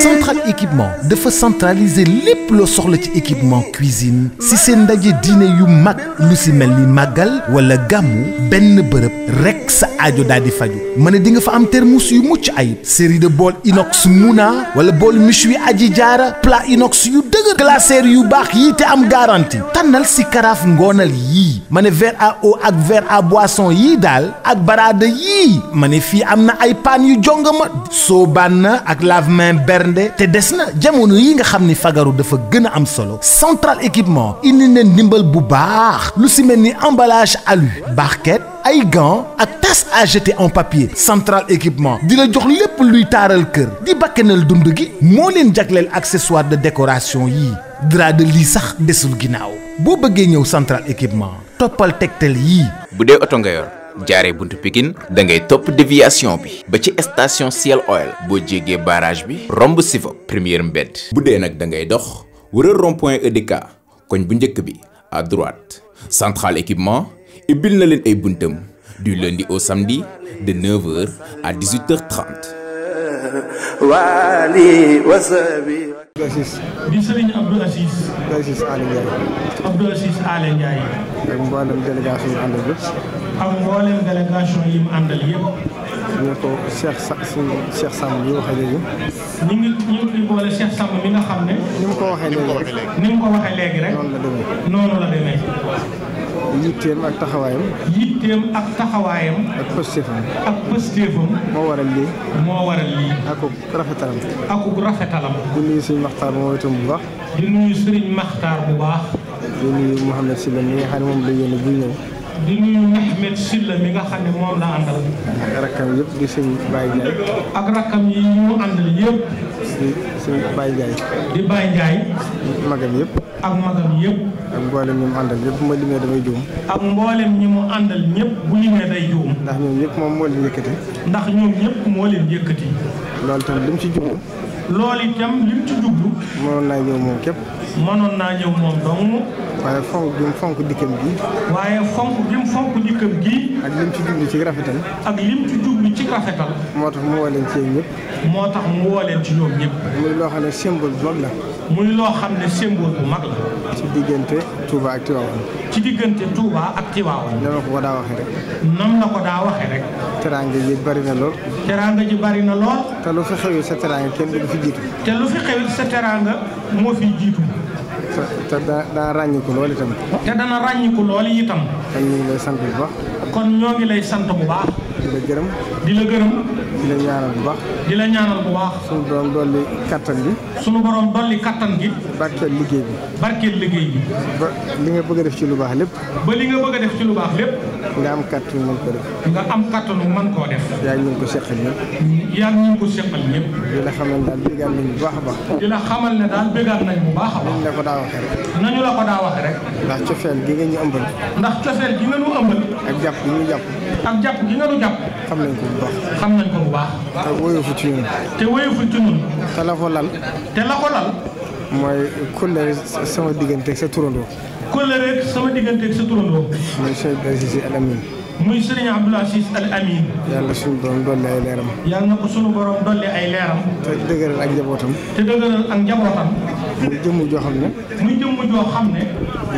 central équipement dafa centraliser lépp loo soxla ci équipement cuisine si seen ndaje diine yu mag lu si mel ni màggal wala gàmmu benn bërëb rek sa ajo daal di faju ma ne dinga fa am termus yu mucc ayib série de bool inox muna wala bool méchoui aji jaara plat inox yu dëgër glacière yu baax yii te am garantie tànnal si karaaf ngoonal yii ma ne verre à eau ak verre à boisson yii daal ak baraada yii ma ne fii am na ay paan yu jongama soo banna ak lave-main bernde te des na jamono yi nga xam ni fagaru dafa gën a am solo central équipement indi na ndimbal bu baax lu si mel ni emballage alu barquette ay gants ak tasse à jeter en papier central équipement di la jox lépp luy taaral kër di bakkanal dund gi moo leen jagleel accessoire de décoration yii drap lii lit sax desul ginnaaw boo bëggee ñëw central équipement toppal tegtal yii. bu dee oto nga yor. jaaree buntu Pikine da ngay topp déviation bi ba ci station Ciel Oil boo jéggee barrage bi romb Sivop première mbedd bu dee nag da ngay dox wëral rond-point ca e koñ bu njëkk bi à droite central équipement ibbil na leen ay buntam du lundi au samedi de 9h à 18 h Assis. di Serigne Abdou Assis. Assis Aly Ndiaye. Abdou Assis Aly Ndiaye. ak mboolem délégation yi àndal yëpp. ak mboolem délégation yi mu àndal yëpp. ñu ko Cheikh Sa Cheikh Samb mi waxee léegi. ñu ngi ñu ngi boole Cheikh Samb mi nga xam ne. ni mu ko waxee léegi ni mu ko waxee léegi rek. noonu la noonu la demee. yitteem ak taxawaayam. yitteem ak taxawaayam. ak pëstéefam. ak pëstéefam. moo waral lii. moo waral lii. akuk rafetalam. akuk rafetalam. di nuyu sëriñ Maxtaar moom itam bu baax. di nuyu sëriñ Maxtaar bu baax. di nuyu Mouhamed Sylla mi nga xam ne moom la yéene bu ñëw. li nuyu Ahmed Silla mi nga xam ne moom la àndal. ak rakkam yëpp di sëñ Baye Ndiaye. ak rakkam yi ñu àndal yëpp. di sëñ Baye Ndiaye. di Baye Ndiaye. magam yëpp. ak magam yëpp. ak mboolem ñi mu àndal yëpp bu ma limee damay ak mboolem ñi mu àndal ñëpp bu limee day juum. ndax ñoom ñëpp moom moo leen yëkkati. ndax ñoom ñëpp moo leen yëkkati. loolu tam li ci jublu. loolu itam li mu ci jublu. mënoon naa ñëw moom képp. mënoon naa ñëw moom dong. waaye fonk bi mu fonk dikkam gi. waaye fonk bi mu fonk dikkam gi. ak lim ci jublu ci rafetal. ak lim ci jublu ci rafetal. moo tax mu woo leen ci yéen ñëpp. moo tax mu woo leen ci ñoom ñëpp. muy loo xam ne symbole bu mag la. muy loo xam ne symbole bu mag la. ci diggante Touba ak Tivaouane. ci diggante Touba ak Tivaouane. nan la ko daa waxee rek. nan na ko daa waxee rek. teraanga ji bari na lool. teraanga ji bari na lool. te lu fi xewil sa teraanga kenn du fi jiitu. te lu fi xewil sa moo fi jiitu. te dana ràññiku lool itam. te dana ràññiku lool itam. kon ñu ngi lay sant bu baax. kon ñoo ngi lay sant bu baax. di la gërëm. di la gërëm. di la ñaanal bu baax. di la ñaanal bu baax. sunu borom dolli kattan gi. sunu borom dolli kattan gi. barkeel liggéey bi. barkeel liggéey bi. ba li nga bëgg def ci lu baax lépp. ba li nga bëgg def ci lu baax lépp. nga am kàttanu mën koo def. nga am kàttanu man koo def. yaa ngi ñu ko seqal ñëpp. yaa ngi ñu ko seqal ñëpp. di la xamal daal bégal nañ bu baax a baax. ne daal bégal nañ bu baax a baax. ndax cofeel gi nga ñu ëmbal. ndax cofeel gi nga ñu ëmbal. ak jàpp gi ñu jàpp. ak jàpp gi nga ñu jàpp. xam nañ ko bu baax. xam nañ ko bu baax. te woyofu ci ñun. te woyofu ci ñun. te la ko lal. te la ko lal. mooy kulle sama diggante sa turandoo kóllëre ak sama diggante ak sa turandoo. muy Serigne Abdoul Aziz Al Amin. muy Serigne Abdoul Aziz Al Amin. yàlla suñu borom dolli ay leeram. yàlla na ko suñu borom dolli ay leeram. te dëgëral ak njabootam. ak njabootam. muy jëmm joo xam ne. muy jëmm joo xam ne.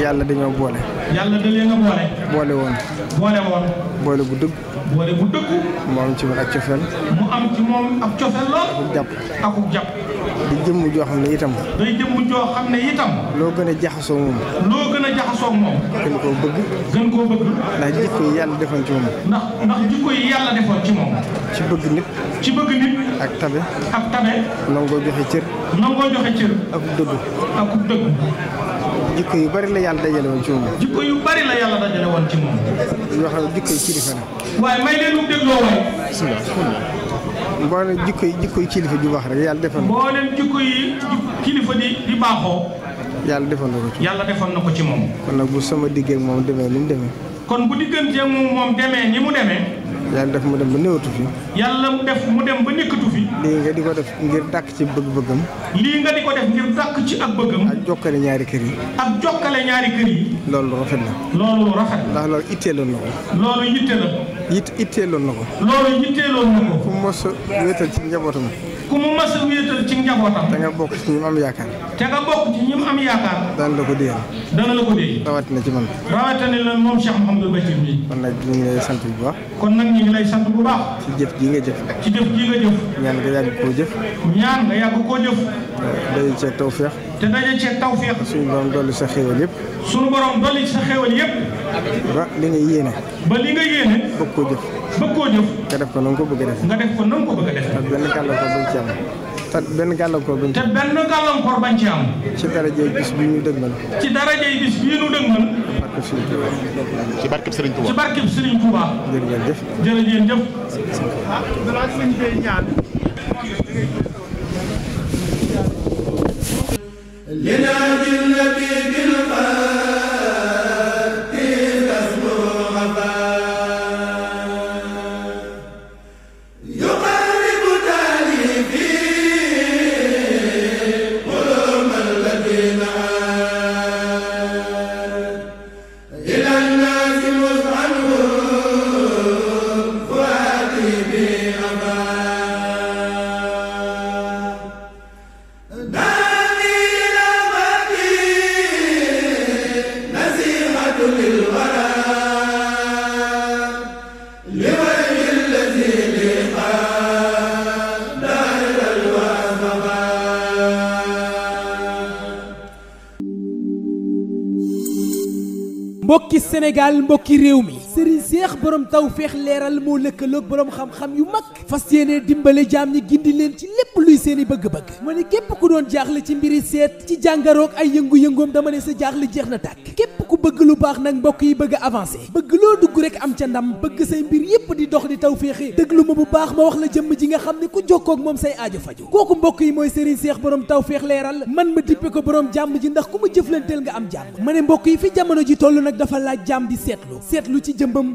yàlla dañoo boole. yàlla da leen boole. boole woon. boole woon. boole bu dëgg. boole bu dëgg. mu am ci moom ak cofeel. mu am ci moom ak cofeel lool. ak jàpp jàpp. di jëmm joo xam ne itam. day jëmm joo xam ne itam. loo gën a jaxasoo moom. loo gën a jaxasoo moom. gën koo bëgg. gën koo bëgg. ndax jikko yi yàlla defoon ci moom. ndax ndax jikko yi yàlla defoon ci moom. ci bëgg nit. ci bëgg nit. ak tabe. ak tabe. nangoo joxe cër. nangoo joxe cër. ak dëgg. ak dëgg. jikko yu bari la yàlla dajale woon ci moom. jikko yu bari la yàlla dajale woon ci moom. yoo xam ne jikko yi kilifa yi jikko yi kilifa ju baax rek yàlla defal. di baaxoo. yàlla defal ci yàlla defal na ko ci moom. kon nag bu sama diggee moom demee ni mu moom demee ni mu demee. yàlla def mu dem ba néewatu fi. yàlla def mu dem ba nekkatu fi. lii nga di ko def ngir dàkk ci bëgg-bëggam. lii nga di ko def ngir dàkk ci ak bëggam. ak jokkale ñaari kër yi. ak jokkale ñaari kër yi. loolu rafet na. loolu rafet na. ndax loolu itteeloon na ko. loolu yitte la. it itteeloon na loolu itteeloon na ko. ku mos wéetal ci njabootam. ku mu mos a wéetal ci njabootam. da nga bokk ci ñi am yaakaar. te nga bokk ci ñi mu am yaakaar. dana la ko dee. dana la ko dee. rawatina ci man. rawatina la moom Cheikh Mouhamadou Bachir mii. kon nag ñu ngi sant bu baax. kon nag ñu ngi sant bu baax. ci jëf ji nga jëf. ñaan nga yàgg koo jëf. ñaan nga yàgg koo jëf. daje ceeg tawféex. te daje ceeg tawféex. suñu borom dolli sa xéewal yëpp. suñu borom dolli sa xéewal yëpp. ba li nga yéene. ba li nga yéene. bëgg koo jëf. bëgg koo jëf. nga def ko na nga ko bëgg nga def ko na nga ko benn gàllankoor bañ te benn gàllankoor bañ ci am. ci darajay bis ñu dëgmal. Sénégal mbokki réew mi seex borom tawféex leeral moo lëkkaloog borom xam-xam yu mag fas yéene dimbale jaam ñi gindi leen ci lépp luy seeni bëgg-bëgg ma ne képp ku doon jaaxle ci mbiri seet ci jàngaroog ay yëngu-yëngoom dama ne sa jaaxle jeex na tàkk képp ku bëgg lu baax nag mbokk yi bëgg a bëgg loo dugg rek am ca ndam bëgg say mbir yépp di dox di tawféexe déglu ma bu baax ma wax la jëm ji nga xam ne ku jokkoo ak moom say aajo faju kooku mbokk yi mooy Serigne Seex borom tawféex leeral man ma dippe ko borom jàmm ji ndax ku ma jëflanteel nga am jàmm ma ne mbokk yi fi jamono ji toll nag dafa laaj jàmm di seetlu seetlu ci jëmbam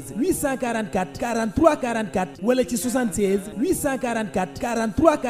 76 844 43 44 wala ci 76 844 43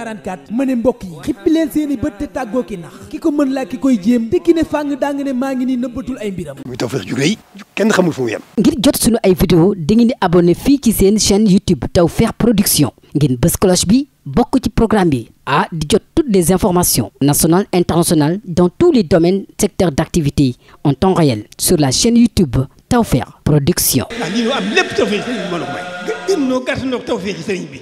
44 ma ne mbokk yi xippi leen seen i bët te tàggoo ki nax ki ko mën laa ki koy jéem te ki ne fàng daa ne maa ngi ni nëbbatul ay mbiram. muy Tawfekh jugee yi kenn xamul fu mu yem. ngir jot sunu ay vidéo dangeen di abonné fii ci seen chaîne YouTube Tawfekh Production ngeen bës cloche bi bokk ci programme bi ah di jot toutes les informations nationales internationales dans tous les domaines secteurs d'activité en temps réel sur la chaîne YouTube. Tawfekh Production. Ah, am lépp tawfeex sëriñ bi mën a may. gën noo gàtt noo tawfeex sëriñ bi.